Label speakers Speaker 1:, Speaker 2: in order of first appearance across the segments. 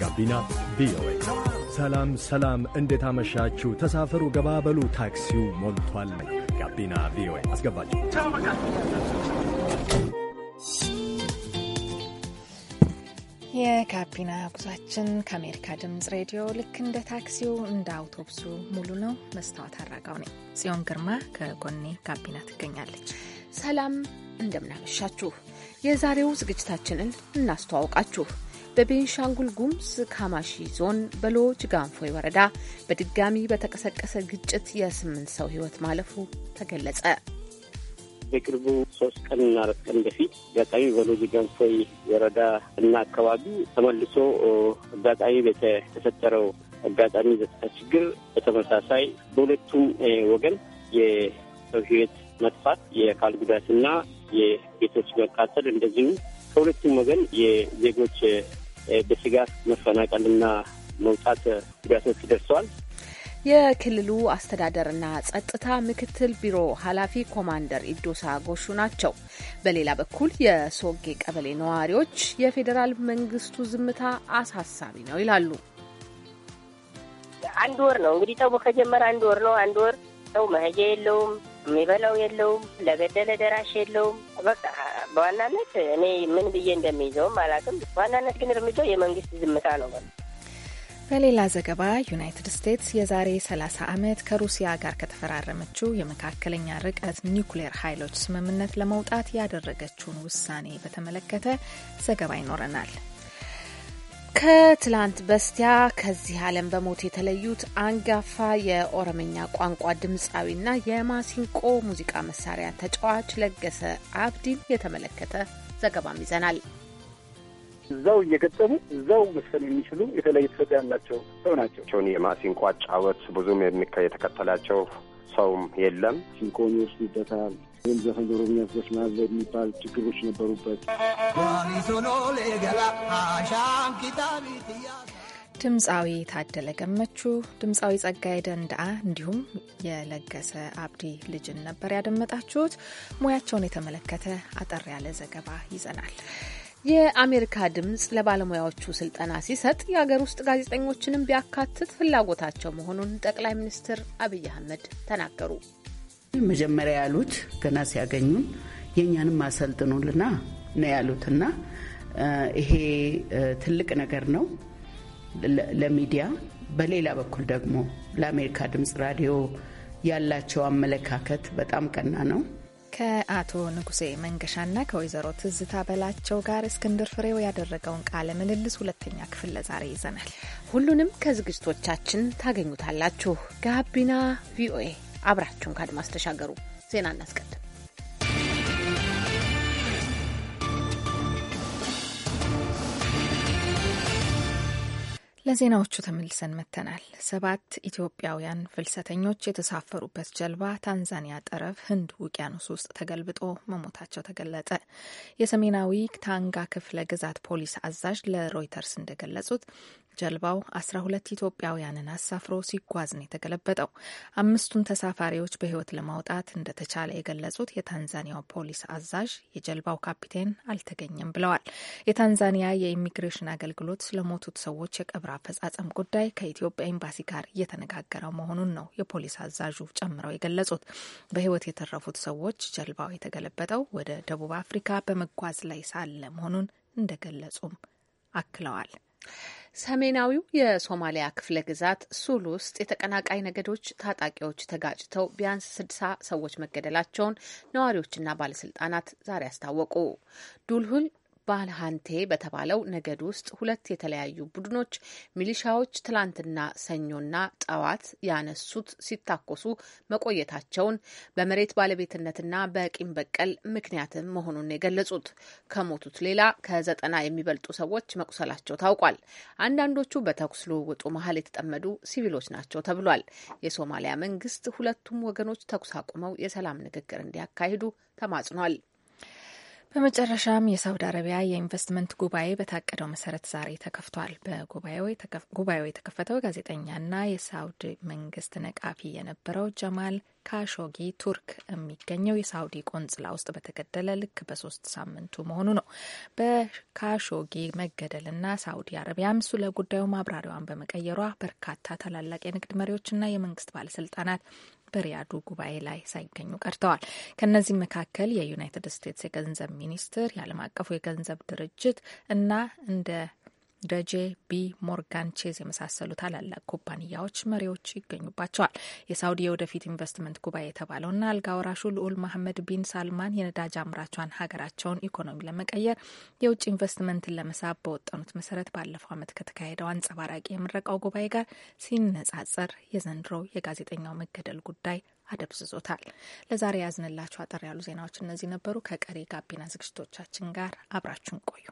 Speaker 1: ጋቢና ቪኦኤ። ሰላም ሰላም፣ እንዴት አመሻችሁ? ተሳፈሩ፣ ገባበሉ፣ ታክሲው ሞልቷል። ጋቢና ቪኦኤ አስገባችሁ።
Speaker 2: የጋቢና ጉዟችን ከአሜሪካ ድምፅ ሬዲዮ ልክ እንደ ታክሲው እንደ አውቶቡሱ ሙሉ ነው። መስታወት አራጋው ነኝ። ጽዮን ግርማ ከጎኔ ጋቢና ትገኛለች። ሰላም እንደምናመሻችሁ። የዛሬው ዝግጅታችንን እናስተዋውቃችሁ።
Speaker 3: በቤንሻንጉል ጉሙዝ ካማሺ ዞን በሎ ጋንፎይ ወረዳ በድጋሚ በተቀሰቀሰ ግጭት የስምንት ሰው ህይወት ማለፉ ተገለጸ።
Speaker 4: በቅርቡ ሶስት ቀን እና አራት ቀን በፊት አጋጣሚ በሎጅ ጋንፎይ ወረዳ እና አካባቢው ተመልሶ አጋጣሚ በተፈጠረው አጋጣሚ ጸጥታ ችግር በተመሳሳይ በሁለቱም ወገን የሰው ህይወት መጥፋት፣ የአካል ጉዳትና የቤቶች መቃጠል እንደዚሁም ከሁለቱም ወገን የዜጎች በስጋት መፈናቀልና መውጣት ጉዳቶች ደርሰዋል።
Speaker 3: የክልሉ አስተዳደርና ጸጥታ ምክትል ቢሮ ኃላፊ ኮማንደር ኢዶሳ ጎሹ ናቸው። በሌላ በኩል የሶጌ ቀበሌ ነዋሪዎች የፌዴራል መንግስቱ ዝምታ አሳሳቢ ነው ይላሉ።
Speaker 5: አንድ ወር ነው እንግዲህ ተው ከጀመረ አንድ ወር ነው። አንድ ወር ሰው መሄጃ የለውም የሚበላው የለውም፣ ለገደለ ደራሽ የለውም። በቃ በዋናነት እኔ ምን ብዬ እንደሚይዘውም አላውቅም። በዋናነት ግን እርምጃው የመንግስት ዝምታ ነው።
Speaker 2: በሌላ ዘገባ ዩናይትድ ስቴትስ የዛሬ 30 ዓመት ከሩሲያ ጋር ከተፈራረመችው የመካከለኛ ርቀት ኒውክሌር ኃይሎች ስምምነት ለመውጣት ያደረገችውን ውሳኔ በተመለከተ ዘገባ ይኖረናል። ከትላንት በስቲያ ከዚህ ዓለም በሞት የተለዩት አንጋፋ
Speaker 3: የኦሮምኛ ቋንቋ ድምፃዊና የማሲንቆ ሙዚቃ መሳሪያ ተጫዋች ለገሰ አብዲን የተመለከተ ዘገባም ይዘናል።
Speaker 1: እዛው
Speaker 6: እየገጠሙ እዛው መስፈን የሚችሉ የተለየ ተሰጥኦ ያላቸው
Speaker 1: ሰው ናቸው። የማሲንቆ አጫወት ብዙም የተከተላቸው ሰውም የለም። ሲንቆን
Speaker 7: ይወስዱበታል
Speaker 6: ወይም
Speaker 1: ዘፈን
Speaker 7: ዞሮ የሚያስበች የሚባል ችግሮች ነበሩበት።
Speaker 2: ድምፃዊ ታደለ ገመቹ፣ ድምፃዊ ጸጋዬ ደንዳአ እንዲሁም የለገሰ አብዲ ልጅን ነበር ያደመጣችሁት። ሙያቸውን የተመለከተ አጠር ያለ ዘገባ ይዘናል።
Speaker 3: የአሜሪካ ድምፅ ለባለሙያዎቹ ስልጠና ሲሰጥ የሀገር ውስጥ ጋዜጠኞችንም ቢያካትት ፍላጎታቸው መሆኑን ጠቅላይ ሚኒስትር አብይ አህመድ ተናገሩ።
Speaker 8: መጀመሪያ ያሉት ገና ሲያገኙን የእኛንም አሰልጥኑልና ነው ያሉትና ይሄ ትልቅ ነገር ነው ለሚዲያ። በሌላ በኩል ደግሞ ለአሜሪካ ድምፅ ራዲዮ ያላቸው አመለካከት በጣም ቀና ነው።
Speaker 2: ከአቶ ንጉሴ መንገሻና ከወይዘሮ ትዝታ በላቸው ጋር እስክንድር ፍሬው ያደረገውን ቃለ ምልልስ ሁለተኛ ክፍል ለዛሬ ይዘናል። ሁሉንም ከዝግጅቶቻችን ታገኙታላችሁ።
Speaker 3: ጋቢና ቪኦኤ አብራችሁን ከአድማስ ተሻገሩ። ዜና እናስቀድም።
Speaker 2: ለዜናዎቹ ተመልሰን መጥተናል። ሰባት ኢትዮጵያውያን ፍልሰተኞች የተሳፈሩበት ጀልባ ታንዛኒያ ጠረፍ ህንድ ውቅያኖስ ውስጥ ተገልብጦ መሞታቸው ተገለጠ። የሰሜናዊ ታንጋ ክፍለ ግዛት ፖሊስ አዛዥ ለሮይተርስ እንደገለጹት ጀልባው 12 ኢትዮጵያውያንን አሳፍሮ ሲጓዝ ነው የተገለበጠው። አምስቱን ተሳፋሪዎች በህይወት ለማውጣት እንደተቻለ የገለጹት የታንዛኒያው ፖሊስ አዛዥ የጀልባው ካፒቴን አልተገኘም ብለዋል። የታንዛኒያ የኢሚግሬሽን አገልግሎት ስለሞቱት ሰዎች የቀብር አፈጻጸም ጉዳይ ከኢትዮጵያ ኤምባሲ ጋር እየተነጋገረ መሆኑን ነው የፖሊስ አዛዡ ጨምረው የገለጹት። በህይወት የተረፉት ሰዎች ጀልባው የተገለበጠው ወደ ደቡብ አፍሪካ በመጓዝ ላይ ሳለ መሆኑን እንደገለጹም አክለዋል።
Speaker 3: ሰሜናዊው የሶማሊያ ክፍለ ግዛት ሱል ውስጥ የተቀናቃይ ነገዶች ታጣቂዎች ተጋጭተው ቢያንስ ስድሳ ሰዎች መገደላቸውን ነዋሪዎችና ባለስልጣናት ዛሬ አስታወቁ። ዱልሁል ባልሃንቴ በተባለው ነገድ ውስጥ ሁለት የተለያዩ ቡድኖች ሚሊሻዎች ትላንትና ሰኞና ጠዋት ያነሱት ሲታኮሱ መቆየታቸውን በመሬት ባለቤትነትና በቂም በቀል ምክንያትም መሆኑን የገለጹት ከሞቱት ሌላ ከዘጠና የሚበልጡ ሰዎች መቁሰላቸው ታውቋል። አንዳንዶቹ በተኩስ ልውውጡ መሀል የተጠመዱ ሲቪሎች ናቸው ተብሏል። የሶማሊያ መንግስት ሁለቱም ወገኖች ተኩስ አቁመው የሰላም ንግግር እንዲያካሂዱ
Speaker 2: ተማጽኗል። በመጨረሻም የሳውዲ አረቢያ የኢንቨስትመንት ጉባኤ በታቀደው መሰረት ዛሬ ተከፍቷል። በጉባኤው የተከፈተው ጋዜጠኛና የሳውዲ መንግስት ነቃፊ የነበረው ጀማል ካሾጊ ቱርክ የሚገኘው የሳውዲ ቆንጽላ ውስጥ በተገደለ ልክ በሶስት ሳምንቱ መሆኑ ነው። በካሾጊ መገደልና ሳውዲ አረቢያ ምሱ ለጉዳዩ ማብራሪያዋን በመቀየሯ በርካታ ታላላቅ የንግድ መሪዎችና የመንግስት ባለስልጣናት በሪያዱ ጉባኤ ላይ ሳይገኙ ቀርተዋል። ከእነዚህም መካከል የዩናይትድ ስቴትስ የገንዘብ ሚኒስትር፣ የዓለም አቀፉ የገንዘብ ድርጅት እና እንደ ደጄ ቢ ሞርጋን ቼዝ የመሳሰሉ ታላላቅ ኩባንያዎች መሪዎች ይገኙባቸዋል። የሳውዲ የወደፊት ኢንቨስትመንት ጉባኤ የተባለውና አልጋ ወራሹ ልዑል መሐመድ ቢን ሳልማን የነዳጅ አምራቿን ሀገራቸውን ኢኮኖሚ ለመቀየር የውጭ ኢንቨስትመንትን ለመሳብ በወጠኑት መሰረት ባለፈው ዓመት ከተካሄደው አንጸባራቂ የምረቃው ጉባኤ ጋር ሲነጻጸር የዘንድሮ የጋዜጠኛው መገደል ጉዳይ አደብዝዞታል። ለዛሬ ያዝንላችሁ አጠር ያሉ ዜናዎች እነዚህ ነበሩ። ከቀሪ ጋቢና ዝግጅቶቻችን ጋር አብራችሁን ቆዩ።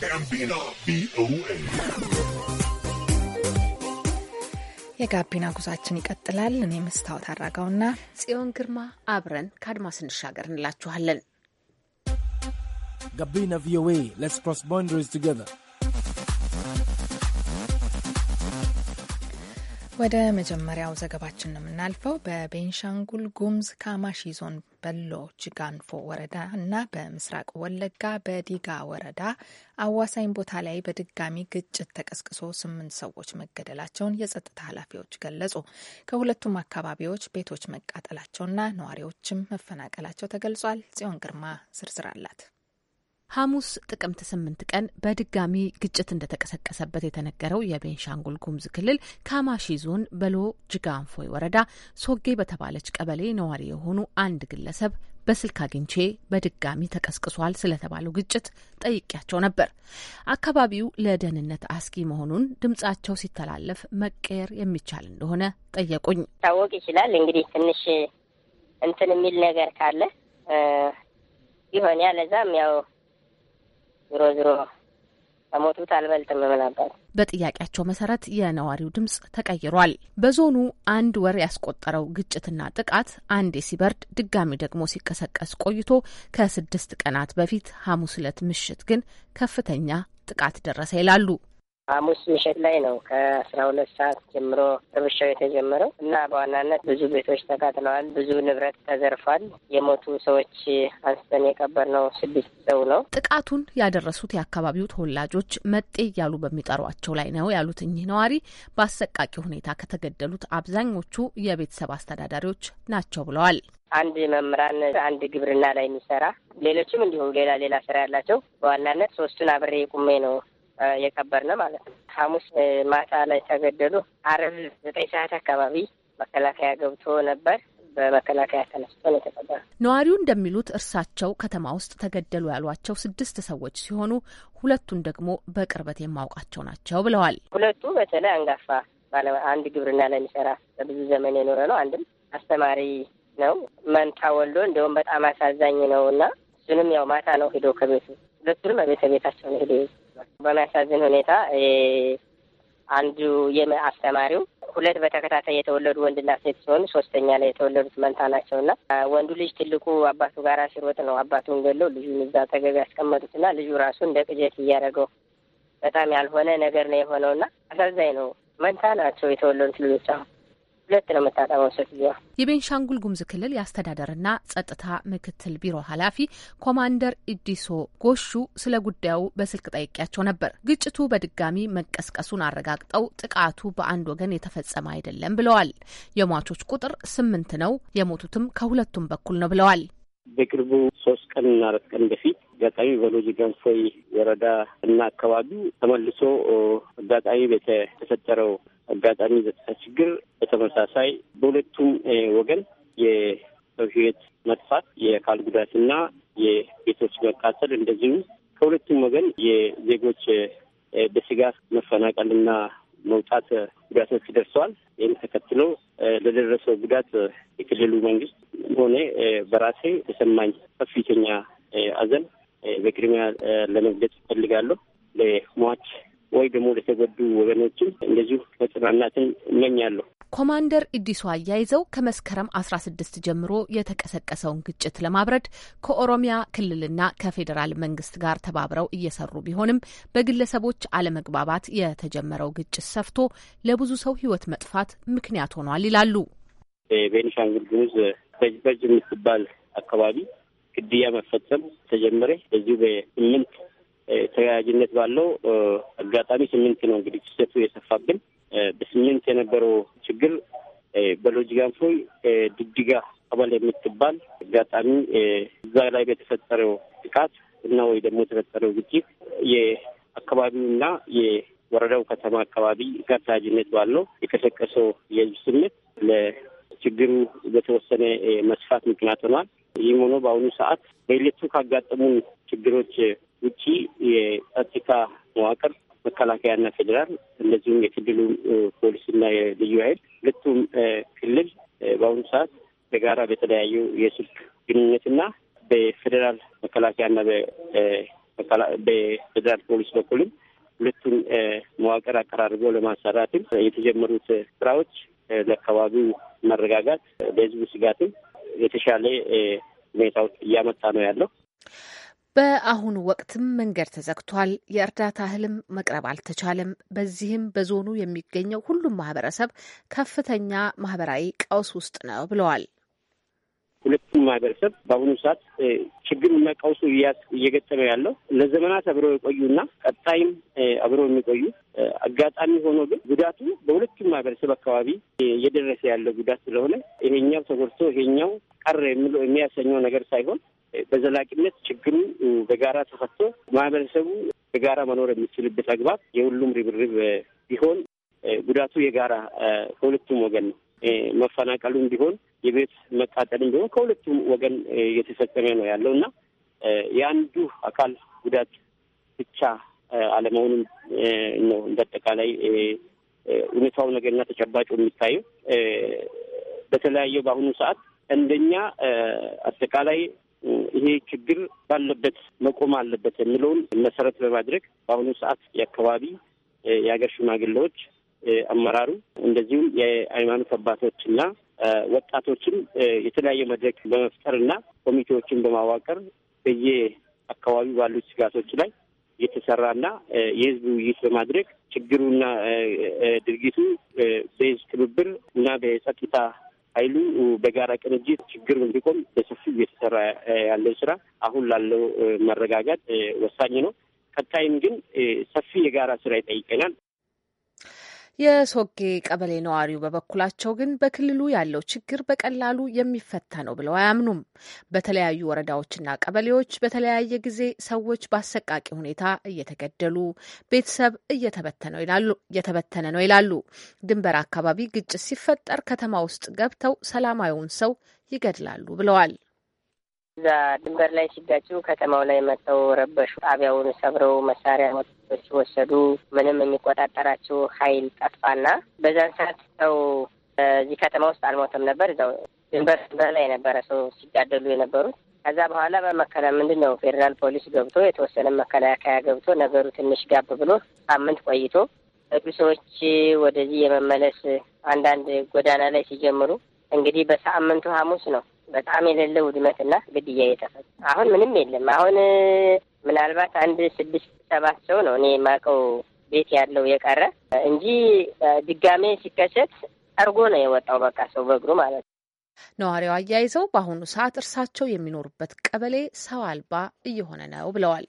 Speaker 5: ጋቢና ቪኦኤ
Speaker 2: የጋቢና ጉዟችን ይቀጥላል። እኔ መስታወት አድራጋውና
Speaker 3: ጽዮን ግርማ አብረን ከአድማስ እንሻገር እንላችኋለን። ጋቢና ቪኦኤ ሌትስ ክሮስ
Speaker 2: ባውንደሪስ ቱጌዘር ወደ መጀመሪያው ዘገባችን ነው የምናልፈው። በቤንሻንጉል ጉምዝ ካማሺ ዞን በሎ ጅጋንፎ ወረዳ እና በምስራቅ ወለጋ በዲጋ ወረዳ አዋሳኝ ቦታ ላይ በድጋሚ ግጭት ተቀስቅሶ ስምንት ሰዎች መገደላቸውን የጸጥታ ኃላፊዎች ገለጹ። ከሁለቱም አካባቢዎች ቤቶች መቃጠላቸውና ነዋሪዎችም መፈናቀላቸው ተገልጿል። ጽዮን ግርማ ዝርዝር አላት። ሐሙስ ጥቅምት ስምንት
Speaker 3: ቀን በድጋሚ ግጭት እንደተቀሰቀሰበት የተነገረው የቤንሻንጉል ጉሙዝ ክልል ካማሺ ዞን በሎ ጅጋንፎይ ወረዳ ሶጌ በተባለች ቀበሌ ነዋሪ የሆኑ አንድ ግለሰብ በስልክ አግኝቼ በድጋሚ ተቀስቅሷል ስለተባለው ግጭት ጠይቄያቸው ነበር። አካባቢው ለደህንነት አስጊ መሆኑን ድምጻቸው ሲተላለፍ መቀየር የሚቻል እንደሆነ ጠየቁኝ።
Speaker 5: ታወቅ ይችላል እንግዲህ ትንሽ እንትን የሚል ነገር ካለ ይሆን ያለዛም ያው ዝሮ ዝሮ ከሞቱት አልበልጥም ምን
Speaker 3: በጥያቄያቸው መሰረት የነዋሪው ድምጽ ተቀይሯል። በዞኑ አንድ ወር ያስቆጠረው ግጭትና ጥቃት አንዴ ሲበርድ ድጋሚ ደግሞ ሲቀሰቀስ ቆይቶ ከስድስት ቀናት በፊት ሐሙስ ዕለት ምሽት ግን ከፍተኛ ጥቃት ደረሰ ይላሉ
Speaker 5: ሐሙስ ምሽት ላይ ነው ከአስራ ሁለት ሰዓት ጀምሮ ርብሻው የተጀመረው እና በዋናነት ብዙ ቤቶች ተቃጥለዋል፣ ብዙ ንብረት ተዘርፏል። የሞቱ ሰዎች አንስተን የቀበርነው ስድስት ሰው ነው።
Speaker 3: ጥቃቱን ያደረሱት የአካባቢው ተወላጆች መጤ እያሉ በሚጠሯቸው ላይ ነው ያሉት እኚህ ነዋሪ በአሰቃቂ ሁኔታ ከተገደሉት አብዛኞቹ የቤተሰብ አስተዳዳሪዎች ናቸው ብለዋል።
Speaker 5: አንድ መምህራን፣ አንድ ግብርና ላይ የሚሰራ ሌሎችም እንዲሁም ሌላ ሌላ ስራ ያላቸው በዋናነት ሶስቱን አብሬ ቁሜ ነው የቀበርን ማለት ነው። ሐሙስ ማታ ላይ ተገደሉ። አርብ ዘጠኝ ሰዓት አካባቢ መከላከያ ገብቶ ነበር። በመከላከያ ተነስቶ ነው የተቀበረ።
Speaker 3: ነዋሪው እንደሚሉት እርሳቸው ከተማ ውስጥ ተገደሉ ያሏቸው ስድስት ሰዎች ሲሆኑ ሁለቱን ደግሞ በቅርበት የማውቃቸው ናቸው ብለዋል።
Speaker 5: ሁለቱ በተለይ አንጋፋ ባለ አንድ ግብርና ላይ የሚሰራ በብዙ ዘመን የኖረ ነው። አንድም አስተማሪ ነው። መንታ ወልዶ እንዲሁም በጣም አሳዛኝ ነው እና እሱንም ያው ማታ ነው ሄዶ ከቤቱ ሁለቱንም ቤተ ቤታቸው ነው ሄዶ በሚያሳዝን ሁኔታ አንዱ የአስተማሪው ሁለት በተከታታይ የተወለዱ ወንድና ሴት ሲሆን ሶስተኛ ላይ የተወለዱት መንታ ናቸውና ወንዱ ልጅ ትልቁ አባቱ ጋር ሲሮጥ ነው አባቱን ገለው ልጁን እዛ ያስቀመጡት ያስቀመጡትና ልጁ ራሱ እንደ ቅጀት እያደረገው በጣም ያልሆነ ነገር ነው የሆነውና አሳዛኝ ነው። መንታ ናቸው የተወለዱት ልጆች አሁን ሁለት ነው የምታጠበው ሴትዮዋ።
Speaker 3: የቤንሻንጉል ጉሙዝ ክልል የአስተዳደርና ጸጥታ ምክትል ቢሮ ኃላፊ ኮማንደር ኢዲሶ ጎሹ ስለ ጉዳዩ በስልክ ጠይቄያቸው ነበር። ግጭቱ በድጋሚ መቀስቀሱን አረጋግጠው ጥቃቱ በአንድ ወገን የተፈጸመ አይደለም ብለዋል። የሟቾች ቁጥር ስምንት ነው፣ የሞቱትም ከሁለቱም በኩል ነው
Speaker 4: ብለዋል። በቅርቡ ሶስት እና አራት ቀን በፊት አጋጣሚ በሎጂ ገንፎይ ወረዳ እና አካባቢው ተመልሶ አጋጣሚ በተፈጠረው አጋጣሚ የጸጥታ ችግር በተመሳሳይ በሁለቱም ወገን የሰው ህይወት መጥፋት፣ የአካል ጉዳትና የቤቶች መቃጠል እንደዚሁም ከሁለቱም ወገን የዜጎች በስጋት መፈናቀልና መውጣት ጉዳቶች ደርሰዋል። ይህም ተከትሎ ለደረሰው ጉዳት የክልሉ መንግስት ሆነ በራሴ የሰማኝ ከፍተኛ አዘን በቅድሚያ ለመግለጽ እፈልጋለሁ። ለሟች ወይ ደግሞ ለተጎዱ ወገኖችም እንደዚሁ መጽናናትን እመኛለሁ።
Speaker 3: ኮማንደር ኢዲሱ አያይዘው ከመስከረም አስራ ስድስት ጀምሮ የተቀሰቀሰውን ግጭት ለማብረድ ከኦሮሚያ ክልልና ከፌዴራል መንግስት ጋር ተባብረው እየሰሩ ቢሆንም በግለሰቦች አለመግባባት የተጀመረው ግጭት ሰፍቶ ለብዙ ሰው ሕይወት መጥፋት ምክንያት ሆኗል ይላሉ።
Speaker 4: ቤኒሻንጉል ጉሙዝ በጅበጅ የምትባል አካባቢ ግድያ መፈጸም ተጀመረ። በዚሁ በስምንት ተያያዥነት ባለው አጋጣሚ ስምንት ነው እንግዲህ ክስተቱ የሰፋብን። በስምንት የነበረው ችግር በሎጂጋንፎ ድድጋ አባል የምትባል አጋጣሚ እዛ ላይ በተፈጠረው ጥቃት እና ወይ ደግሞ የተፈጠረው ግጭት የአካባቢውና የወረዳው ከተማ አካባቢ ጋር ተያያዥነት ባለው የቀሰቀሰው የህዝብ ስሜት ለችግሩ በተወሰነ መስፋት ምክንያት ሆኗል። ይህም ሆኖ በአሁኑ ሰዓት በሌቱ ካጋጠሙን ችግሮች ውጪ የጸጥታ መዋቅር መከላከያና ፌዴራል እንደዚሁም የክልሉ ፖሊስና የልዩ ኃይል ሁለቱም ክልል በአሁኑ ሰዓት በጋራ በተለያዩ የስልክ ግንኙነትና በፌዴራል መከላከያና በፌዴራል ፖሊስ በኩልም ሁለቱን መዋቅር አቀራርቦ ለማሰራትም የተጀመሩት ስራዎች ለአካባቢው መረጋጋት፣ ለህዝቡ ስጋትም የተሻለ ሁኔታዎች እያመጣ ነው ያለው።
Speaker 3: በአሁኑ ወቅትም መንገድ ተዘግቷል። የእርዳታ እህልም መቅረብ አልተቻለም። በዚህም በዞኑ የሚገኘው ሁሉም ማህበረሰብ ከፍተኛ ማህበራዊ ቀውስ ውስጥ ነው ብለዋል።
Speaker 4: ሁለቱም ማህበረሰብ በአሁኑ ሰዓት ችግርና ቀውሱ እየገጠመ ያለው ለዘመናት አብረው የቆዩና ቀጣይም አብረው የሚቆዩ አጋጣሚ ሆኖ ግን ጉዳቱ በሁለቱም ማህበረሰብ አካባቢ እየደረሰ ያለው ጉዳት ስለሆነ ይሄኛው ተጎድቶ ይሄኛው ቀር የሚያሰኘው ነገር ሳይሆን በዘላቂነት ችግሩ በጋራ ተፈቶ ማህበረሰቡ በጋራ መኖር የሚችልበት አግባብ የሁሉም ርብርብ ቢሆን ጉዳቱ የጋራ ከሁለቱም ወገን ነው። መፈናቀሉም ቢሆን የቤት መቃጠልም ቢሆን ከሁለቱም ወገን እየተፈጸመ ነው ያለው እና የአንዱ አካል ጉዳት ብቻ አለመሆኑም ነው እንደ አጠቃላይ እውነታው ነገርና ተጨባጭ የሚታየው በተለያየ በአሁኑ ሰዓት እንደኛ አጠቃላይ ይሄ ችግር ባለበት መቆም አለበት የሚለውን መሰረት በማድረግ በአሁኑ ሰዓት የአካባቢ የሀገር ሽማግሌዎች፣ አመራሩ እንደዚሁም የሃይማኖት አባቶችና ወጣቶችን የተለያየ መድረክ በመፍጠርና ኮሚቴዎችን በማዋቀር በየ አካባቢ ባሉት ስጋቶች ላይ የተሰራና የህዝብ ውይይት በማድረግ ችግሩና ድርጊቱ በህዝብ ትብብር እና በጸጥታ ኃይሉ በጋራ ቅንጅት ችግር እንዲቆም በሰፊው እየተሰራ ያለው ስራ አሁን ላለው መረጋጋት ወሳኝ ነው። ቀጣይም ግን ሰፊ የጋራ ስራ ይጠይቀናል።
Speaker 3: የሶጌ ቀበሌ ነዋሪው በበኩላቸው ግን በክልሉ ያለው ችግር በቀላሉ የሚፈታ ነው ብለው አያምኑም። በተለያዩ ወረዳዎችና ቀበሌዎች በተለያየ ጊዜ ሰዎች በአሰቃቂ ሁኔታ እየተገደሉ ቤተሰብ እየተበተነ ነው ይላሉ። ድንበር አካባቢ ግጭት ሲፈጠር ከተማ ውስጥ ገብተው ሰላማዊውን ሰው ይገድላሉ ብለዋል።
Speaker 5: እዛ ድንበር ላይ ሲጋጩ ከተማው ላይ መጥተው ረበሹ። ጣቢያውን ሰብረው መሳሪያ ወሰዱ። ምንም የሚቆጣጠራቸው ኃይል ጠፋና በዛን ሰዓት ሰው እዚህ ከተማ ውስጥ አልሞተም ነበር። እዛው ድንበር ድንበር ላይ የነበረ ሰው ሲጋደሉ የነበሩት ከዛ በኋላ በመከላ ምንድን ነው ፌዴራል ፖሊስ ገብቶ የተወሰነ መከላከያ ገብቶ ነገሩ ትንሽ ጋብ ብሎ ሳምንት ቆይቶ እዱ ሰዎች ወደዚህ የመመለስ አንዳንድ ጎዳና ላይ ሲጀምሩ እንግዲህ በሳምንቱ ሐሙስ ነው በጣም የሌለ ውድመትና ግድያ የተፈ አሁን ምንም የለም። አሁን ምናልባት አንድ ስድስት ሰባት ሰው ነው እኔ የማውቀው ቤት ያለው የቀረ እንጂ ድጋሜ ሲከሰት ጠርጎ ነው የወጣው። በቃ ሰው በእግሩ ማለት ነው።
Speaker 3: ነዋሪው አያይዘው በአሁኑ ሰዓት እርሳቸው የሚኖሩበት ቀበሌ ሰው አልባ እየሆነ ነው ብለዋል።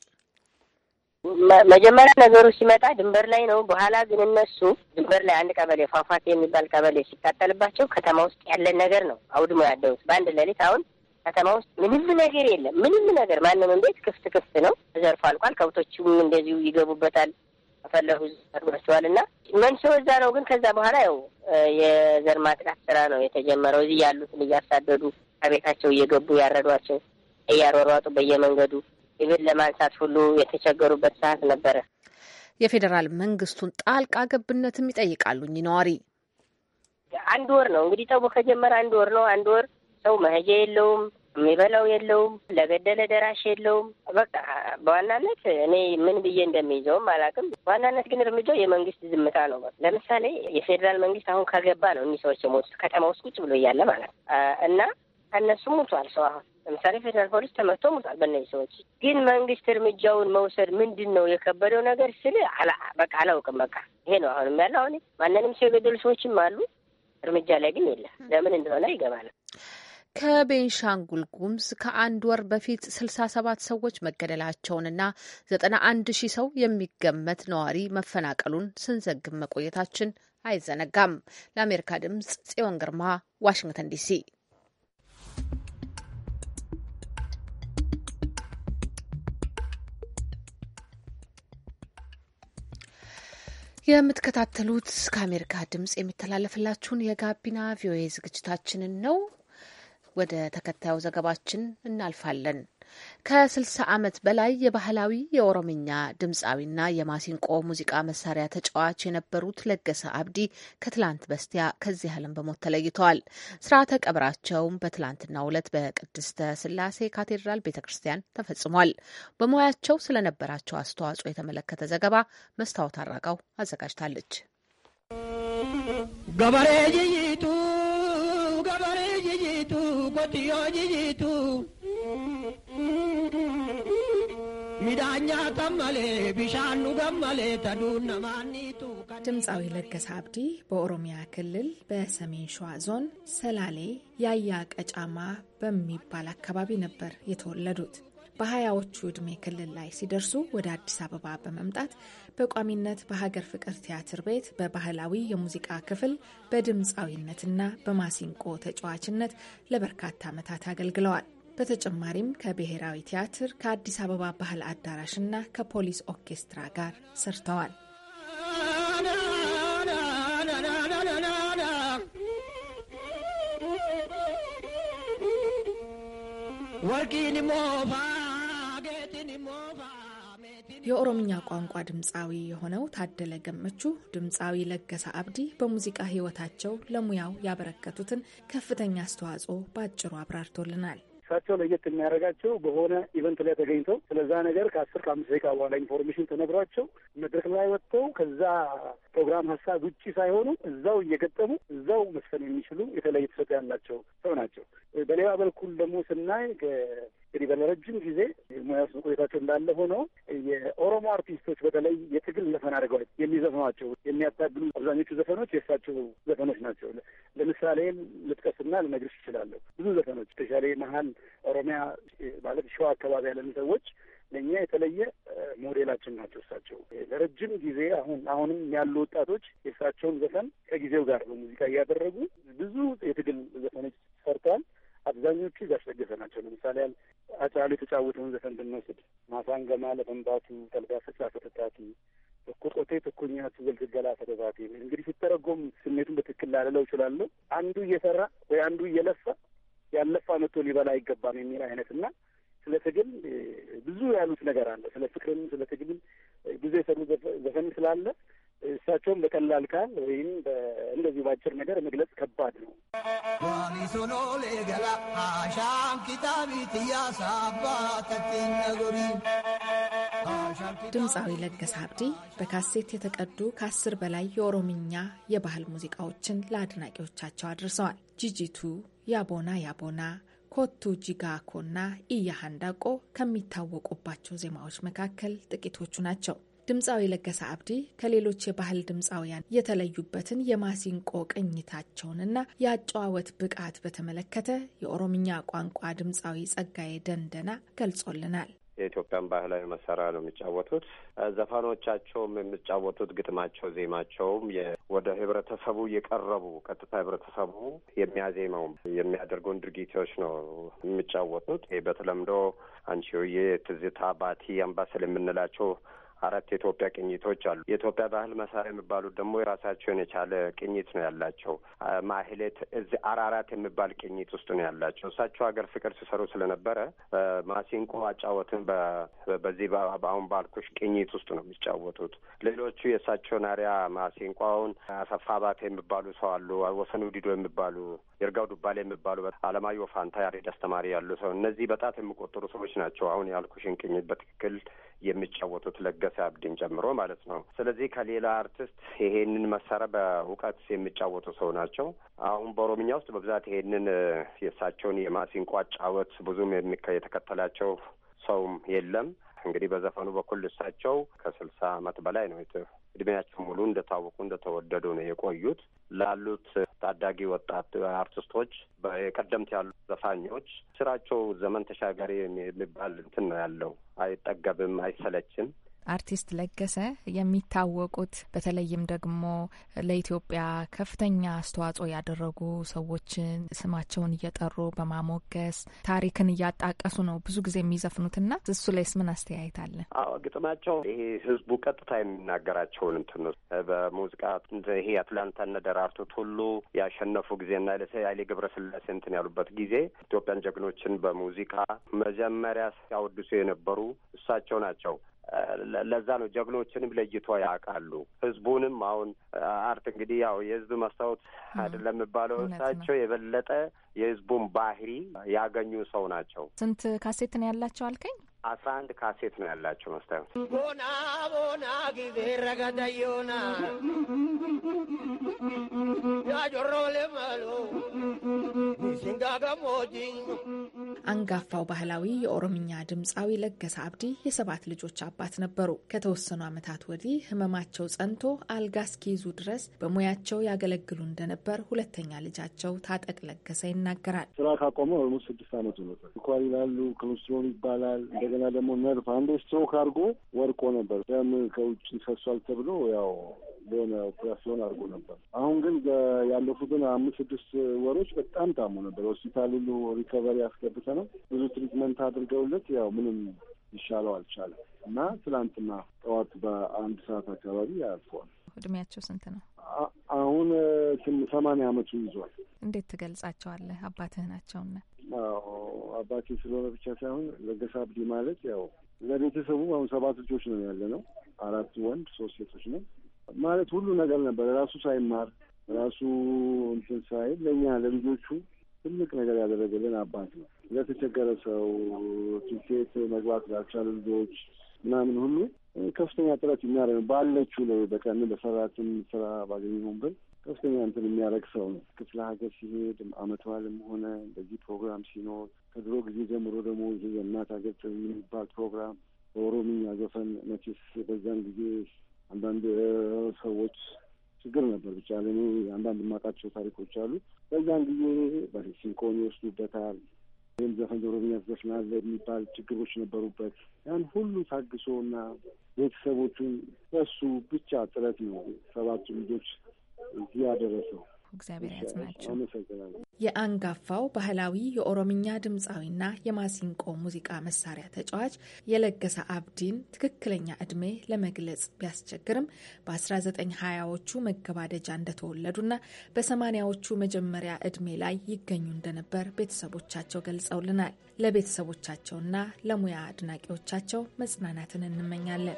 Speaker 5: መጀመሪያ ነገሩ ሲመጣ ድንበር ላይ ነው። በኋላ ግን እነሱ ድንበር ላይ አንድ ቀበሌ ፏፏቴ የሚባል ቀበሌ ሲቃጠልባቸው ከተማ ውስጥ ያለን ነገር ነው አውድሞ ያደሩት በአንድ ሌሊት። አሁን ከተማ ውስጥ ምንም ነገር የለም፣ ምንም ነገር ማንም ቤት ክፍት ክፍት ነው፣ ተዘርፎ አልቋል። ከብቶችም እንደዚሁ ይገቡበታል ከፈለጉ አድጓቸዋል እና መንስኤው እዛ ነው። ግን ከዛ በኋላ ያው የዘር ማጥቃት ስራ ነው የተጀመረው። እዚህ ያሉትን እያሳደዱ ከቤታቸው እየገቡ ያረዷቸው እያሯሯጡ በየመንገዱ ይህን ለማንሳት ሁሉ የተቸገሩበት ሰዓት ነበረ።
Speaker 3: የፌዴራል መንግስቱን ጣልቃ ገብነትም ይጠይቃሉ ነዋሪ።
Speaker 5: አንድ ወር ነው እንግዲህ ጠቡ ከጀመረ አንድ ወር ነው። አንድ ወር ሰው መሄጃ የለውም፣ የሚበላው የለውም፣ ለገደለ ደራሽ የለውም። በቃ በዋናነት እኔ ምን ብዬ እንደሚይዘውም አላውቅም። በዋናነት ግን እርምጃው የመንግስት ዝምታ ነው። ለምሳሌ የፌዴራል መንግስት አሁን ከገባ ነው እኚህ ሰዎች የሞቱት ከተማ ውስጥ ቁጭ ብሎ እያለ ማለት እና ከእነሱ ሙቷል ሰው አሁን ለምሳሌ ፌዴራል ፖሊስ ተመቶ ሞቷል። በእነዚህ ሰዎች ግን መንግስት እርምጃውን መውሰድ ምንድን ነው የከበደው ነገር ስል በቃ አላውቅም። በቃ ይሄ ነው አሁንም ያለ አሁን ማንንም ሰው የገደሉ ሰዎችም አሉ። እርምጃ ላይ ግን የለም። ለምን እንደሆነ ይገባል።
Speaker 3: ከቤንሻንጉል ጉምዝ ከአንድ ወር በፊት 67 ሰዎች መገደላቸውንና 91 ሺህ ሰው የሚገመት ነዋሪ መፈናቀሉን ስንዘግብ መቆየታችን አይዘነጋም። ለአሜሪካ ድምጽ ጽዮን ግርማ ዋሽንግተን ዲሲ የምትከታተሉት ከአሜሪካ ድምጽ የሚተላለፍላችሁን የጋቢና ቪኦኤ ዝግጅታችንን ነው። ወደ ተከታዩ ዘገባችን እናልፋለን። ከ60 ዓመት በላይ የባህላዊ የኦሮምኛ ድምፃዊና የማሲንቆ ሙዚቃ መሳሪያ ተጫዋች የነበሩት ለገሰ አብዲ ከትላንት በስቲያ ከዚህ ዓለም በሞት ተለይተዋል። ስርዓተ ቀብራቸውም በትላንትናው ዕለት በቅድስተ ስላሴ ካቴድራል ቤተ ክርስቲያን ተፈጽሟል። በሙያቸው ስለነበራቸው አስተዋጽኦ የተመለከተ ዘገባ መስታወት አራጋው አዘጋጅታለች።
Speaker 2: ገበሬ ይይጡ
Speaker 1: jijitu jijitu
Speaker 2: ድምፃዊ ለገሰ አብዲ በኦሮሚያ ክልል በሰሜን ሸዋ ዞን ሰላሌ ያያ ቀጫማ በሚባል አካባቢ ነበር የተወለዱት። በሀያዎቹ ዕድሜ ክልል ላይ ሲደርሱ ወደ አዲስ አበባ በመምጣት በቋሚነት በሀገር ፍቅር ቲያትር ቤት በባህላዊ የሙዚቃ ክፍል በድምፃዊነትና በማሲንቆ ተጫዋችነት ለበርካታ ዓመታት አገልግለዋል። በተጨማሪም ከብሔራዊ ቲያትር ከአዲስ አበባ ባህል አዳራሽና ከፖሊስ ኦርኬስትራ ጋር ሰርተዋል። ወርቂ ሞፋ የኦሮምኛ ቋንቋ ድምፃዊ የሆነው ታደለ ገመቹ ድምፃዊ ለገሰ አብዲ በሙዚቃ ህይወታቸው ለሙያው ያበረከቱትን ከፍተኛ አስተዋጽኦ በአጭሩ አብራርቶልናል።
Speaker 6: እሳቸው ለየት የሚያደርጋቸው በሆነ ኢቨንት ላይ ተገኝተው ስለዛ ነገር ከአስር ከአምስት ደቂቃ በኋላ ኢንፎርሜሽን ተነግሯቸው መድረክ ላይ ወጥተው ከዛ ፕሮግራም ሀሳብ ውጭ ሳይሆኑ እዛው እየገጠሙ እዛው መስፈን የሚችሉ የተለየ ተሰጥኦ ያላቸው ሰው ናቸው። በሌላ በኩል ደግሞ ስናይ እንግዲህ በረጅም ጊዜ ሙያ ውስጥ መቆየታቸው እንዳለ ሆኖ የኦሮሞ አርቲስቶች በተለይ የትግል ዘፈን አድርገዋል የሚዘፍኗቸው የሚያታግሉ አብዛኞቹ ዘፈኖች የእሳቸው ዘፈኖች ናቸው። ለምሳሌ ልጥቀስና ልነግርሽ ይችላለሁ ብዙ ዘፈኖች ስፔሻሌ መሀል ኦሮሚያ ማለት ሸዋ አካባቢ ያለን ሰዎች ለእኛ የተለየ ሞዴላችን ናቸው እሳቸው። ለረጅም ጊዜ አሁን አሁንም ያሉ ወጣቶች የእሳቸውን ዘፈን ከጊዜው ጋር በሙዚቃ እያደረጉ ብዙ የትግል ዘፈኖች ሰርተዋል። አብዛኞቹ ጋሸገፈ ናቸው። ለምሳሌ ያል አጫሉ የተጫወተውን ዘፈን ብንወስድ ማሳንገማ ለፈንባቱ ተልጋሰጫ ፈተታቲ ቁጦቴ ትኩኛ ትዘልግገላ ተደባቴ እንግዲህ ሲተረጎም ስሜቱን በትክክል ላልለው እችላለሁ። አንዱ እየሰራ ወይ አንዱ እየለፋ ያለፋ መጥቶ ሊበላ አይገባም የሚል አይነት እና ስለ ትግል ብዙ ያሉት ነገር አለ። ስለ ፍቅርም ስለ ትግልም ብዙ የሰሩ ዘፈን ስላለ እሳቸውም በቀላል ቃል ወይም እንደዚሁ ባጭር ነገር መግለጽ ከባድ ነው።
Speaker 2: ድምፃዊ ለገሰ አብዲ በካሴት የተቀዱ ከአስር በላይ የኦሮምኛ የባህል ሙዚቃዎችን ለአድናቂዎቻቸው አድርሰዋል። ጂጂቱ፣ ያቦና ያቦና ኮቱ ጂጋኮና ኢያሃንዳቆ ከሚታወቁባቸው ዜማዎች መካከል ጥቂቶቹ ናቸው። ድምፃዊ ለገሰ አብዲ ከሌሎች የባህል ድምፃውያን የተለዩበትን የማሲንቆ ቅኝታቸውንና የአጨዋወት ብቃት በተመለከተ የኦሮምኛ ቋንቋ ድምፃዊ ጸጋዬ ደንደና ገልጾልናል።
Speaker 1: የኢትዮጵያን ባህላዊ መሳሪያ ነው የሚጫወቱት። ዘፋኖቻቸውም የሚጫወቱት ግጥማቸው፣ ዜማቸውም ወደ ህብረተሰቡ የቀረቡ ቀጥታ ህብረተሰቡ የሚያዜመው የሚያደርጉን ድርጊቶች ነው የሚጫወቱት። በተለምዶ አንቺሆዬ፣ ትዝታ፣ ባቲ፣ አምባሰል የምንላቸው አራት የኢትዮጵያ ቅኝቶች አሉ። የኢትዮጵያ ባህል መሳሪያ የሚባሉት ደግሞ የራሳቸውን የቻለ ቅኝት ነው ያላቸው። ማህሌት እዚህ አራራት የሚባል ቅኝት ውስጥ ነው ያላቸው። እሳቸው ሀገር ፍቅር ሲሰሩ ስለነበረ ማሲንቆ አጫወትን በዚህ በአሁን ባልኩሽ ቅኝት ውስጥ ነው የሚጫወቱት። ሌሎቹ የእሳቸውን አሪያ ማሲንቋውን አሰፋ ባተ የሚባሉ ሰው አሉ። ወሰን ውዲዶ የሚባሉ የእርጋው ዱባሌ የሚባሉ አለማየሁ ፋንታ ያሬድ አስተማሪ ያሉ ሰው እነዚህ በጣት የሚቆጠሩ ሰዎች ናቸው። አሁን ያልኩሽን ቅኝት በትክክል የሚጫወቱት ለገሰ አብድን ጨምሮ ማለት ነው። ስለዚህ ከሌላ አርቲስት ይሄንን መሳሪያ በእውቀት የሚጫወቱ ሰው ናቸው። አሁን በኦሮምኛ ውስጥ በብዛት ይሄንን የእሳቸውን የማሲንቋ ጫወት ብዙም የተከተላቸው ሰውም የለም። እንግዲህ በዘፈኑ በኩል እሳቸው ከስልሳ አመት በላይ ነው እድሜያቸው ሙሉ እንደታወቁ እንደተወደዱ ነው የቆዩት ላሉት ታዳጊ ወጣት አርቲስቶች የቀደምት ያሉ ዘፋኞች ስራቸው ዘመን ተሻጋሪ የሚባል እንትን ነው ያለው። አይጠገብም፣ አይሰለችም።
Speaker 2: አርቲስት ለገሰ የሚታወቁት በተለይም ደግሞ ለኢትዮጵያ ከፍተኛ አስተዋጽኦ ያደረጉ ሰዎችን ስማቸውን እየጠሩ በማሞገስ ታሪክን እያጣቀሱ ነው ብዙ ጊዜ የሚዘፍኑትና እሱ ላይስ ምን አስተያየት አለ?
Speaker 4: አዎ ግጥማቸው ይሄ ህዝቡ
Speaker 1: ቀጥታ የሚናገራቸውን እንትን በሙዚቃ ይሄ አትላንታና ደራርቱ ቱሉ ያሸነፉ ጊዜና ኃይሌ ገብረስላሴ እንትን ያሉበት ጊዜ ኢትዮጵያን ጀግኖችን በሙዚቃ መጀመሪያ ሲያወድሱ የነበሩ እሳቸው ናቸው። ለዛ ነው ጀግኖችንም ለይቶ ያውቃሉ። ህዝቡንም አሁን አርት እንግዲህ ያው የህዝብ መስታወት አይደለም የሚባለው እሳቸው የበለጠ የህዝቡን ባህሪ ያገኙ ሰው ናቸው።
Speaker 2: ስንት ካሴት ነው ያላቸው አልከኝ?
Speaker 1: አስራ አንድ ካሴት ነው ያላቸው መስታወት
Speaker 2: ቦና ቦና ጊዜ ረገደዮና ያጆሮ ለመሎ ሲንጋጋሞጂ አንጋፋው ባህላዊ የኦሮምኛ ድምፃዊ ለገሰ አብዲ የሰባት ልጆች አባት ነበሩ። ከተወሰኑ ዓመታት ወዲህ ህመማቸው ጸንቶ አልጋ እስኪይዙ ድረስ በሙያቸው ያገለግሉ እንደነበር ሁለተኛ ልጃቸው ታጠቅ ለገሰ ይናገራል።
Speaker 7: ስራ ካቆመ ኦልሞስት ስድስት ዓመቱ ነበር። ይላሉ ኮሌስትሮል ይባላል እንደገና እንደገና ደግሞ ነርፍ አንዴ ስትሮክ አድርጎ ወርቆ ነበር። ደም ከውጭ ይፈሷል ተብሎ ያው የሆነ ኦፕራሲዮን አድርጎ ነበር። አሁን ግን ያለፉትን አምስት ስድስት ወሮች በጣም ታሞ ነበር። ሆስፒታል ሁሉ ሪከቨሪ ያስገብተ ነው ብዙ ትሪትመንት አድርገውለት ያው ምንም ይሻለው አልቻለም እና ትላንትና ጠዋት በአንድ ሰዓት አካባቢ ያልፈዋል።
Speaker 2: እድሜያቸው ስንት ነው?
Speaker 7: አሁን ሰማንያ አመቱ ይዟል።
Speaker 2: እንዴት ትገልጻቸዋለህ? አባትህ ናቸውና።
Speaker 7: አዎ አባቴ ስለሆነ ብቻ ሳይሆን ለገሳ አብዲ ማለት ያው ለቤተሰቡ አሁን ሰባት ልጆች ነው ያለ ነው። አራት ወንድ ሶስት ሴቶች ነው ማለት ሁሉ ነገር ነበር። ራሱ ሳይማር ራሱ እንትን ሳይል ለእኛ ለልጆቹ ትልቅ ነገር ያደረገልን አባት ነው። ለተቸገረ ሰው ቲኬት መግባት ላልቻሉ ልጆች ምናምን ሁሉ ከፍተኛ ጥረት የሚያደርግ ባለችው ላይ በቀን በሰራትም ስራ ባገኘሁም ብል ከፍተኛ እንትን የሚያደርግ ሰው ነው። ክፍለ ሀገር ሲሄድ አመት በዓልም ሆነ እንደዚህ ፕሮግራም ሲኖር ከድሮ ጊዜ ጀምሮ ደግሞ ይሄ የእናት ሀገር ጥሪ የሚባል ፕሮግራም በኦሮምኛ ዘፈን መቼስ በዛን ጊዜ አንዳንድ ሰዎች ችግር ነበር። ብቻ ለእኔ አንዳንድ የማውቃቸው ታሪኮች አሉ። በዛን ጊዜ በሲንቆን ይወስዱበታል። ወይም ዘፈን በኦሮምኛ ዘፍናለ የሚባል ችግሮች ነበሩበት። ያን ሁሉ ታግሶ እና ቤተሰቦቹን በሱ ብቻ ጥረት ነው ሰባቱ ልጆች እዚህ ያደረሰው።
Speaker 2: እግዚአብሔር ያጽናቸው። የአንጋፋው ባህላዊ የኦሮምኛ ድምፃዊና የማሲንቆ ሙዚቃ መሳሪያ ተጫዋች የለገሰ አብዲን ትክክለኛ እድሜ ለመግለጽ ቢያስቸግርም በ1920ዎቹ መገባደጃ እንደተወለዱና በሰማኒያዎቹ መጀመሪያ ዕድሜ ላይ ይገኙ እንደነበር ቤተሰቦቻቸው ገልጸውልናል። ለቤተሰቦቻቸውና ለሙያ አድናቂዎቻቸው መጽናናትን እንመኛለን።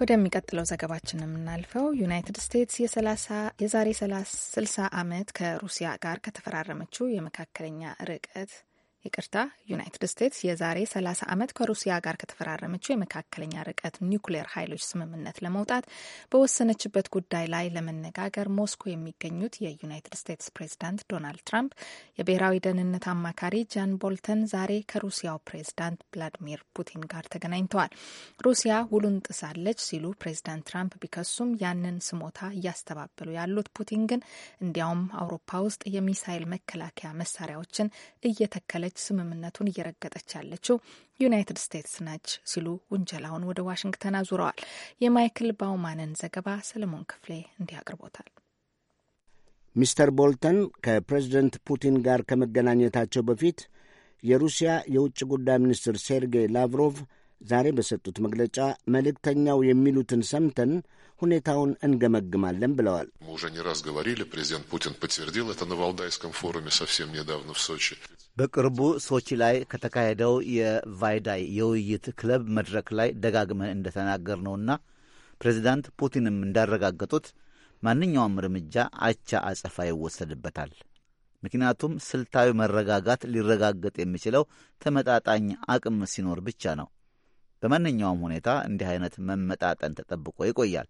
Speaker 2: ወደሚቀጥለው ዘገባችን የምናልፈው ዩናይትድ ስቴትስ የዛሬ 60 ዓመት ከሩሲያ ጋር ከተፈራረመችው የመካከለኛ ርቀት ይቅርታ፣ ዩናይትድ ስቴትስ የዛሬ 30 ዓመት ከሩሲያ ጋር ከተፈራረመችው የመካከለኛ ርቀት ኒውክሌር ኃይሎች ስምምነት ለመውጣት በወሰነችበት ጉዳይ ላይ ለመነጋገር ሞስኮ የሚገኙት የዩናይትድ ስቴትስ ፕሬዚዳንት ዶናልድ ትራምፕ የብሔራዊ ደህንነት አማካሪ ጃን ቦልተን ዛሬ ከሩሲያው ፕሬዚዳንት ቭላዲሚር ፑቲን ጋር ተገናኝተዋል። ሩሲያ ውሉን ጥሳለች ሲሉ ፕሬዚዳንት ትራምፕ ቢከሱም ያንን ስሞታ እያስተባበሉ ያሉት ፑቲን ግን እንዲያውም አውሮፓ ውስጥ የሚሳይል መከላከያ መሳሪያዎችን እየተከለች ሆናለች፣ ስምምነቱን እየረገጠች ያለችው ዩናይትድ ስቴትስ ነች ሲሉ ውንጀላውን ወደ ዋሽንግተን አዙረዋል። የማይክል ባውማንን ዘገባ ሰለሞን ክፍሌ እንዲህ አቅርቦታል።
Speaker 4: ሚስተር ቦልተን ከፕሬዚደንት ፑቲን ጋር ከመገናኘታቸው በፊት የሩሲያ የውጭ ጉዳይ ሚኒስትር ሴርጌይ ላቭሮቭ ዛሬ በሰጡት መግለጫ መልእክተኛው የሚሉትን ሰምተን ሁኔታውን እንገመግማለን ብለዋል።
Speaker 8: በቅርቡ ሶቺ ላይ ከተካሄደው የቫይዳይ የውይይት ክለብ መድረክ ላይ ደጋግመን እንደተናገር ነውና ፕሬዚዳንት ፑቲንም እንዳረጋገጡት ማንኛውም እርምጃ አቻ አጸፋ ይወሰድበታል። ምክንያቱም ስልታዊ መረጋጋት ሊረጋገጥ የሚችለው ተመጣጣኝ አቅም ሲኖር ብቻ ነው። በማንኛውም ሁኔታ እንዲህ አይነት መመጣጠን ተጠብቆ ይቆያል።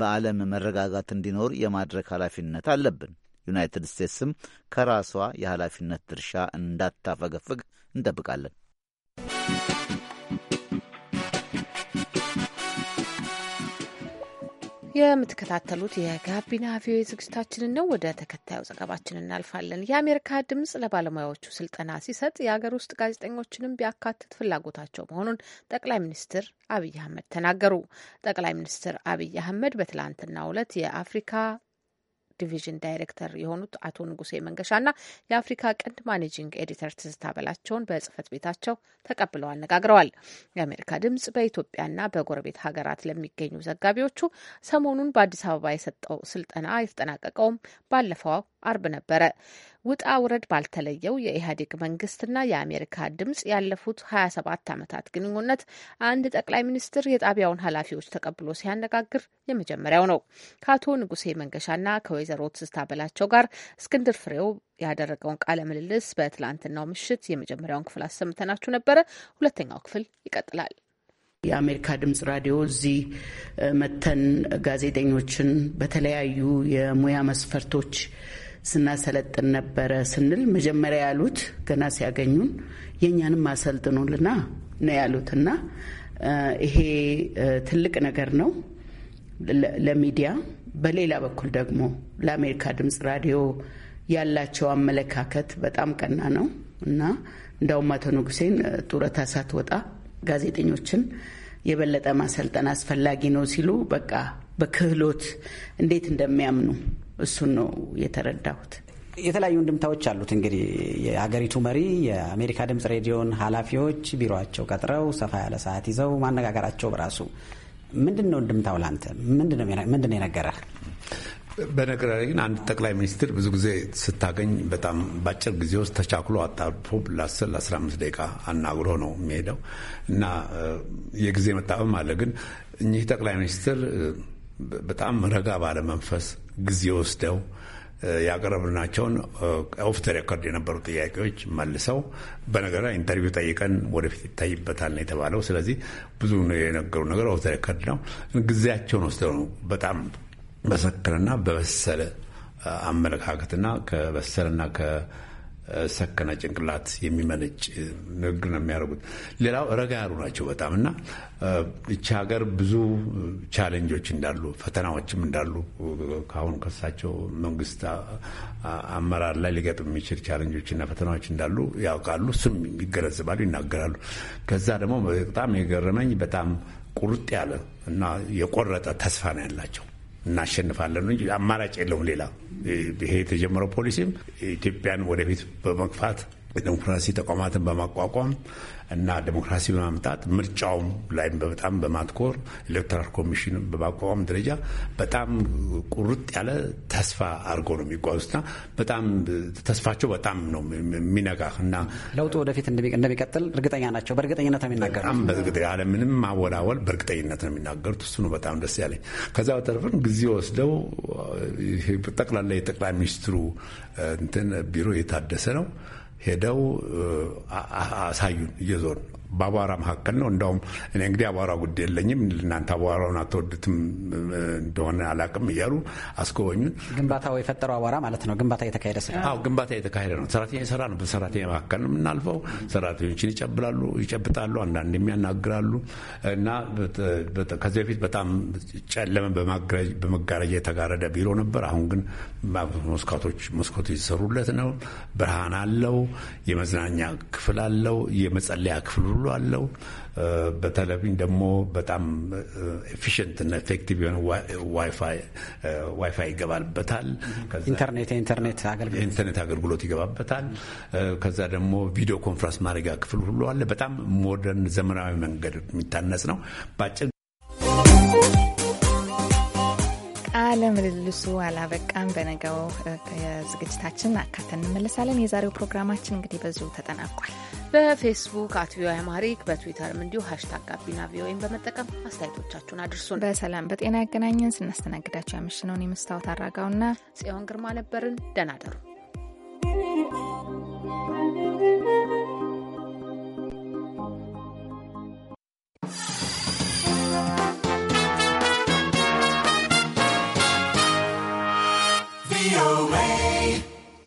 Speaker 8: በዓለም መረጋጋት እንዲኖር የማድረግ ኃላፊነት አለብን። ዩናይትድ ስቴትስም ከራሷ የኃላፊነት ድርሻ እንዳታፈገፍግ እንጠብቃለን።
Speaker 3: የምትከታተሉት የጋቢና ቪኦኤ ዝግጅታችንን ነው። ወደ ተከታዩ ዘገባችን እናልፋለን። የአሜሪካ ድምጽ ለባለሙያዎቹ ስልጠና ሲሰጥ የሀገር ውስጥ ጋዜጠኞችንም ቢያካትት ፍላጎታቸው መሆኑን ጠቅላይ ሚኒስትር አብይ አህመድ ተናገሩ። ጠቅላይ ሚኒስትር አብይ አህመድ በትላንትናው ዕለት የአፍሪካ ዲቪዥን ዳይሬክተር የሆኑት አቶ ንጉሴ መንገሻና የአፍሪካ ቀንድ ማኔጂንግ ኤዲተር ትዝታ በላቸውን በጽህፈት ቤታቸው ተቀብለው አነጋግረዋል። የአሜሪካ ድምጽ በኢትዮጵያና በጎረቤት ሀገራት ለሚገኙ ዘጋቢዎቹ ሰሞኑን በአዲስ አበባ የሰጠው ስልጠና የተጠናቀቀውም ባለፈው አርብ ነበረ። ውጣ ውረድ ባልተለየው የኢህአዴግ መንግስትና የአሜሪካ ድምጽ ያለፉት 27 ዓመታት ግንኙነት አንድ ጠቅላይ ሚኒስትር የጣቢያውን ኃላፊዎች ተቀብሎ ሲያነጋግር የመጀመሪያው ነው። ከአቶ ንጉሴ መንገሻና ከወይዘሮ ትዝታ በላቸው ጋር እስክንድር ፍሬው ያደረገውን ቃለ ምልልስ በትላንትናው ምሽት የመጀመሪያውን ክፍል አሰምተናችሁ ነበረ። ሁለተኛው ክፍል ይቀጥላል።
Speaker 8: የአሜሪካ ድምፅ ራዲዮ እዚህ መተን ጋዜጠኞችን በተለያዩ የሙያ መስፈርቶች ስናሰለጥን ነበረ ስንል መጀመሪያ ያሉት ገና ሲያገኙን የእኛንም አሰልጥኑልና ነው ያሉትና ይሄ ትልቅ ነገር ነው ለሚዲያ። በሌላ በኩል ደግሞ ለአሜሪካ ድምፅ ራዲዮ ያላቸው አመለካከት በጣም ቀና ነው እና እንዳውም አቶ ንጉሴን ጡረታ ሳትወጣ ጋዜጠኞችን የበለጠ ማሰልጠን አስፈላጊ ነው ሲሉ በቃ በክህሎት እንዴት እንደሚያምኑ እሱን ነው የተረዳሁት። የተለያዩ እንድምታዎች አሉት። እንግዲህ የሀገሪቱ መሪ የአሜሪካ ድምፅ ሬዲዮን ኃላፊዎች ቢሮቸው ቀጥረው ሰፋ ያለ ሰዓት ይዘው ማነጋገራቸው በራሱ ምንድን ነው እንድምታው? ላንተ ምንድን ነው የነገረህ?
Speaker 9: በነገር ግን አንድ ጠቅላይ ሚኒስትር ብዙ ጊዜ ስታገኝ በጣም በአጭር ጊዜ ውስጥ ተቻክሎ አጣርፎ ለ10 ለ15 ደቂቃ አናግሮ ነው የሚሄደው እና የጊዜ መጣበም አለ። ግን እኚህ ጠቅላይ ሚኒስትር በጣም ረጋ ባለ መንፈስ ጊዜ ወስደው ያቀረብናቸውን ኦፍ ተ ሬኮርድ የነበሩ ጥያቄዎች መልሰው በነገር ላይ ኢንተርቪው ጠይቀን ወደፊት ይታይበታል ነው የተባለው። ስለዚህ ብዙ የነገሩ ነገር ኦፍ ተ ሬኮርድ ነው። ጊዜያቸውን ወስደው ነው በጣም በሰከረና በበሰለ አመለካከትና ከበሰለና ሰከነ ጭንቅላት የሚመነጭ ንግግር ነው የሚያደርጉት። ሌላው ረጋ ያሉ ናቸው በጣም እና እቺ ሀገር ብዙ ቻሌንጆች እንዳሉ ፈተናዎችም እንዳሉ ከአሁን ከሳቸው መንግስት አመራር ላይ ሊገጥም የሚችል ቻሌንጆችና ፈተናዎች እንዳሉ ያውቃሉ። እሱም ይገነዘባሉ፣ ይናገራሉ። ከዛ ደግሞ በጣም የገረመኝ በጣም ቁርጥ ያለ እና የቆረጠ ተስፋ ነው ያላቸው እናሸንፋለን እንጂ አማራጭ የለውም ሌላ። ይሄ የተጀመረው ፖሊሲም ኢትዮጵያን ወደፊት በመግፋት የዲሞክራሲ ተቋማትን በማቋቋም እና ዲሞክራሲ በማምጣት ምርጫውም ላይም በጣም በማትኮር ኤሌክቶራል ኮሚሽን በማቋቋም ደረጃ በጣም ቁርጥ ያለ ተስፋ አድርጎ ነው የሚጓዙትና በጣም ተስፋቸው በጣም ነው የሚነጋ እና
Speaker 8: ለውጡ ወደፊት እንደሚቀጥል እርግጠኛ ናቸው። በእርግጠኝነት ነው የሚናገሩት።
Speaker 9: በጣም በእርግጠኛ ያለምንም ማወላወል በእርግጠኝነት ነው የሚናገሩት። እሱ ነው በጣም ደስ ያለኝ። ከዛ በተረፈን ጊዜ ወስደው ጠቅላላ የጠቅላይ ሚኒስትሩ እንትን ቢሮ የታደሰ ነው ሄደው አሳዩን እየዞርን በአቧራ መካከል ነው። እንዳውም እኔ እንግዲህ አቧራ ጉድ የለኝም እናንተ አቧራውን አትወዱትም እንደሆነ አላቅም እያሉ አስጎበኙን። ግንባታው የፈጠረው አቧራ ማለት ነው። ግንባታ የተካሄደ ስራ አዎ ግንባታ የተካሄደ ነው። ሰራተኛ ስራ ነው። በሰራተኛ መካከል ነው የምናልፈው። ሰራተኞችን ይጨብላሉ፣ ይጨብጣሉ፣ አንዳንድ የሚያናግራሉ እና ከዚህ በፊት በጣም ጨለመ በመጋረጃ የተጋረደ ቢሮ ነበር። አሁን ግን መስኮቶች መስኮቶች የተሰሩለት ነው። ብርሃን አለው። የመዝናኛ ክፍል አለው። የመጸለያ ክፍል ሁሉ ሁሉ አለው። በተለይም ደግሞ በጣም ኤፊሽንት እና ኤፌክቲቭ የሆነ ዋይፋይ ይገባልበታል። ኢንተርኔት አገልግሎት ይገባበታል። ከዛ ደግሞ ቪዲዮ ኮንፈረንስ ማድረጊያ ክፍል ሁሉ አለ። በጣም ሞደርን ዘመናዊ መንገድ የሚታነጽ ነው በአጭር
Speaker 2: ለምልልሱ አላበቃም። በነገው ዝግጅታችን አካተን እንመለሳለን። የዛሬው ፕሮግራማችን እንግዲህ በዚሁ ተጠናቋል።
Speaker 3: በፌስቡክ አት ቪኦኤ አማሪክ በትዊተርም እንዲሁ ሀሽታግ ጋቢና ቪኦኤን በመጠቀም
Speaker 2: አስተያየቶቻችሁን አድርሱን። በሰላም በጤና ያገናኘን። ስናስተናግዳቸው ያመሽነውን የመስታወት አራጋውና ጽዮን ግርማ ነበርን። ደህና ደሩ።